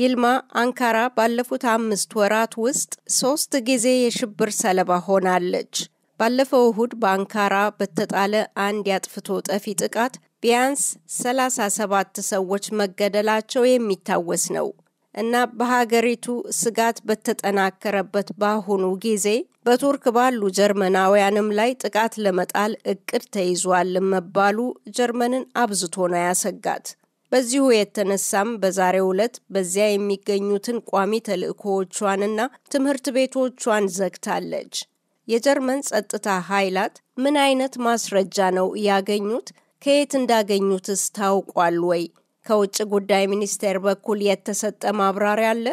ይልማ አንካራ ባለፉት አምስት ወራት ውስጥ ሶስት ጊዜ የሽብር ሰለባ ሆናለች። ባለፈው እሁድ በአንካራ በተጣለ አንድ ያጥፍቶ ጠፊ ጥቃት ቢያንስ 37 ሰዎች መገደላቸው የሚታወስ ነው እና በሀገሪቱ ስጋት በተጠናከረበት በአሁኑ ጊዜ በቱርክ ባሉ ጀርመናውያንም ላይ ጥቃት ለመጣል እቅድ ተይዟል መባሉ ጀርመንን አብዝቶ ነው ያሰጋት። በዚሁ የተነሳም በዛሬው ዕለት በዚያ የሚገኙትን ቋሚ ተልእኮዎቿንና ትምህርት ቤቶቿን ዘግታለች። የጀርመን ጸጥታ ኃይላት ምን አይነት ማስረጃ ነው ያገኙት? ከየት እንዳገኙትስ ታውቋል ወይ? ከውጭ ጉዳይ ሚኒስቴር በኩል የተሰጠ ማብራሪያ አለ?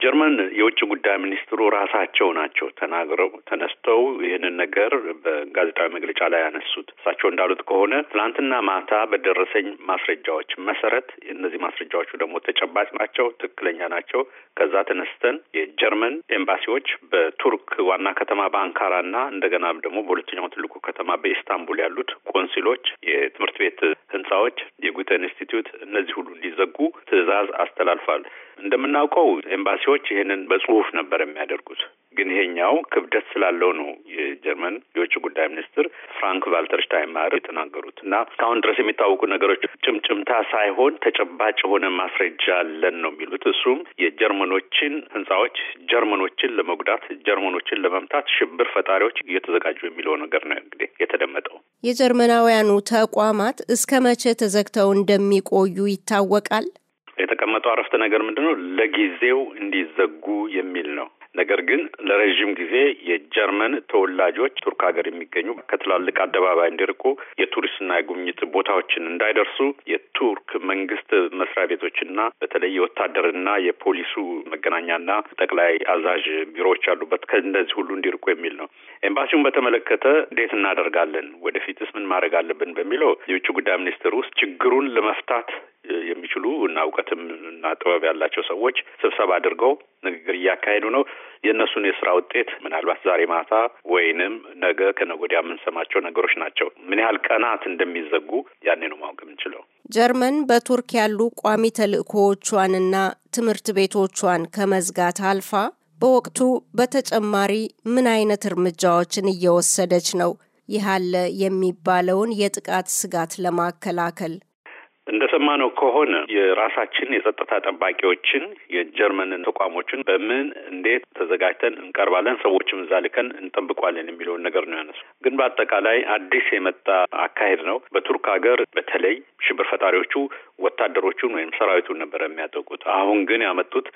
በጀርመን የውጭ ጉዳይ ሚኒስትሩ ራሳቸው ናቸው ተናግረው ተነስተው ይህንን ነገር በጋዜጣዊ መግለጫ ላይ ያነሱት። እሳቸው እንዳሉት ከሆነ ትናንትና ማታ በደረሰኝ ማስረጃዎች መሰረት፣ እነዚህ ማስረጃዎቹ ደግሞ ተጨባጭ ናቸው፣ ትክክለኛ ናቸው። ከዛ ተነስተን የጀርመን ኤምባሲዎች በቱርክ ዋና ከተማ በአንካራና እንደገና ደግሞ በሁለተኛው ትልቁ ከተማ በኢስታንቡል ያሉት ቆንሲሎች፣ የትምህርት ቤት ህንጻዎች፣ የጉተን ኢንስቲትዩት እነዚህ ሁሉ እንዲዘጉ ትዕዛዝ አስተላልፋል። እንደምናውቀው ኤምባሲዎች ይህንን በጽሁፍ ነበር የሚያደርጉት። ግን ይሄኛው ክብደት ስላለው ነው የጀርመን የውጭ ጉዳይ ሚኒስትር ፍራንክ ቫልተር ሽታይንማየር የተናገሩት እና እስካሁን ድረስ የሚታወቁ ነገሮች ጭምጭምታ ሳይሆን ተጨባጭ የሆነ ማስረጃ አለን ነው የሚሉት። እሱም የጀርመኖችን ህንጻዎች ጀርመኖችን ለመጉዳት ጀርመኖችን ለመምታት ሽብር ፈጣሪዎች እየተዘጋጁ የሚለው ነገር ነው እንግዲህ የተደመጠው። የጀርመናውያኑ ተቋማት እስከ መቼ ተዘግተው እንደሚቆዩ ይታወቃል። የተቀመጠው አረፍተ ነገር ምንድን ነው? ለጊዜው እንዲዘጉ የሚል ነው። ነገር ግን ለረዥም ጊዜ የጀርመን ተወላጆች ቱርክ ሀገር የሚገኙ ከትላልቅ አደባባይ እንዲርቁ፣ የቱሪስትና የጉብኝት ቦታዎችን እንዳይደርሱ የቱርክ መንግስት መስሪያ ቤቶችና በተለይ የወታደርና የፖሊሱ መገናኛና ጠቅላይ አዛዥ ቢሮዎች ያሉበት ከእነዚህ ሁሉ እንዲርቁ የሚል ነው። ኤምባሲውን በተመለከተ እንዴት እናደርጋለን፣ ወደፊትስ ምን ማድረግ አለብን በሚለው የውጭ ጉዳይ ሚኒስትር ውስጥ ችግሩን ለመፍታት የሚችሉ እና እውቀትም እና ጥበብ ያላቸው ሰዎች ስብሰባ አድርገው ንግግር እያካሄዱ ነው። የእነሱን የስራ ውጤት ምናልባት ዛሬ ማታ ወይንም ነገ ከነገ ወዲያ የምንሰማቸው ነገሮች ናቸው። ምን ያህል ቀናት እንደሚዘጉ ያኔ ነው ማወቅ የምንችለው። ጀርመን በቱርክ ያሉ ቋሚ ተልእኮዎቿንና ትምህርት ቤቶቿን ከመዝጋት አልፋ በወቅቱ በተጨማሪ ምን አይነት እርምጃዎችን እየወሰደች ነው? ይህ አለ የሚባለውን የጥቃት ስጋት ለማከላከል እንደሰማነው ከሆነ የራሳችን የጸጥታ ጠባቂዎችን የጀርመንን ተቋሞችን በምን እንዴት ተዘጋጅተን እንቀርባለን፣ ሰዎችም እዛ ልከን እንጠብቋለን የሚለውን ነገር ነው ያነሱ። ግን በአጠቃላይ አዲስ የመጣ አካሄድ ነው። በቱርክ ሀገር በተለይ ሽብር ፈጣሪዎቹ ወታደሮቹን ወይም ሰራዊቱን ነበረ የሚያጠቁት። አሁን ግን ያመጡት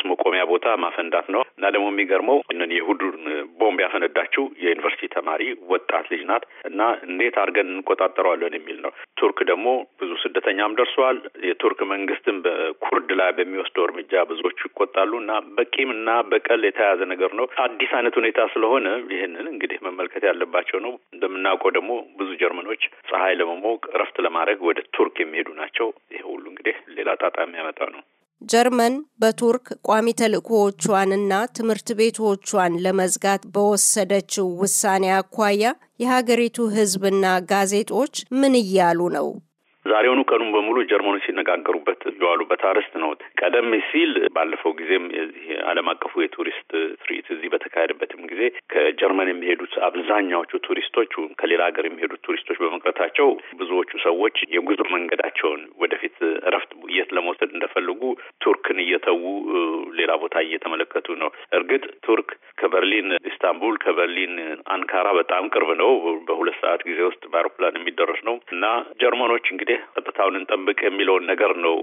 ስ መቆሚያ ቦታ ማፈንዳት ነው እና ደግሞ የሚገርመው ይህንን የሁዱን ቦምብ ያፈነዳችው የዩኒቨርሲቲ ተማሪ ወጣት ልጅ ናት እና እንዴት አድርገን እንቆጣጠረዋለን የሚል ነው። ቱርክ ደግሞ ብዙ ስደተኛም ደርሰዋል። የቱርክ መንግስትም በኩርድ ላይ በሚወስደው እርምጃ ብዙዎቹ ይቆጣሉ እና በቂም እና በቀል የተያያዘ ነገር ነው። አዲስ አይነት ሁኔታ ስለሆነ ይህንን እንግዲህ መመልከት ያለባቸው ነው። እንደምናውቀው ደግሞ ብዙ ጀርመኖች ፀሐይ ለመሞቅ እረፍት ለማድረግ ወደ ቱርክ የሚሄዱ ናቸው። የሚችለው ይሄ ሁሉ እንግዲህ ሌላ ጣጣ የሚያመጣ ነው። ጀርመን በቱርክ ቋሚ ተልእኮዎቿንና ትምህርት ቤቶቿን ለመዝጋት በወሰደችው ውሳኔ አኳያ የሀገሪቱ ሕዝብና ጋዜጦች ምን እያሉ ነው? ዛሬውኑ ቀኑን በሙሉ ጀርመኖች ሲነጋገሩበት የዋሉበት አርዕስት ነው። ቀደም ሲል ባለፈው ጊዜም የዚህ ዓለም አቀፉ የቱሪስት ትርኢት እዚህ በተካሄደበትም ጊዜ ከጀርመን የሚሄዱት አብዛኛዎቹ ቱሪስቶች ከሌላ ሀገር የሚሄዱት ቱሪስቶች በመቅረታቸው ብዙዎቹ ሰዎች የጉዞ መንገዳቸውን ውጤት ለመውሰድ እንደፈለጉ ቱርክን እየተዉ ሌላ ቦታ እየተመለከቱ ነው። እርግጥ ቱርክ ከበርሊን ከኢስታንቡል ከበርሊን አንካራ በጣም ቅርብ ነው። በሁለት ሰዓት ጊዜ ውስጥ በአውሮፕላን የሚደረስ ነው እና ጀርመኖች እንግዲህ ጸጥታውን እንጠብቅ የሚለውን ነገር ነው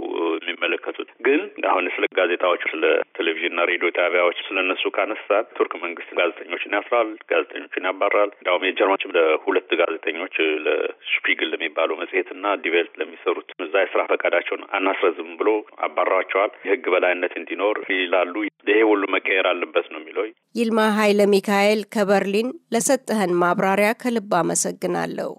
የሚመለከቱት። ግን አሁን ስለ ጋዜጣዎች፣ ስለ ቴሌቪዥንና ሬዲዮ ጣቢያዎች ስለ እነሱ ካነሳ ቱርክ መንግስት ጋዜጠኞችን ያስራል፣ ጋዜጠኞችን ያባራል። እንዲሁም የጀርመኖች ለሁለት ጋዜጠኞች ለሽፒግል ለሚባሉ መጽሔትና ዲቬልት ለሚሰሩት እዛ የስራ ፈቃዳቸውን አናስረዝም ብሎ አባራቸዋል። የህግ በላይነት እንዲኖር ይላሉ። ይሄ ሁሉ መቀየር አለበት ነው የሚለው ይልማ ሀይለ ሚካኤል ከበርሊን ለሰጠህን ማብራሪያ ከልብ አመሰግናለሁ።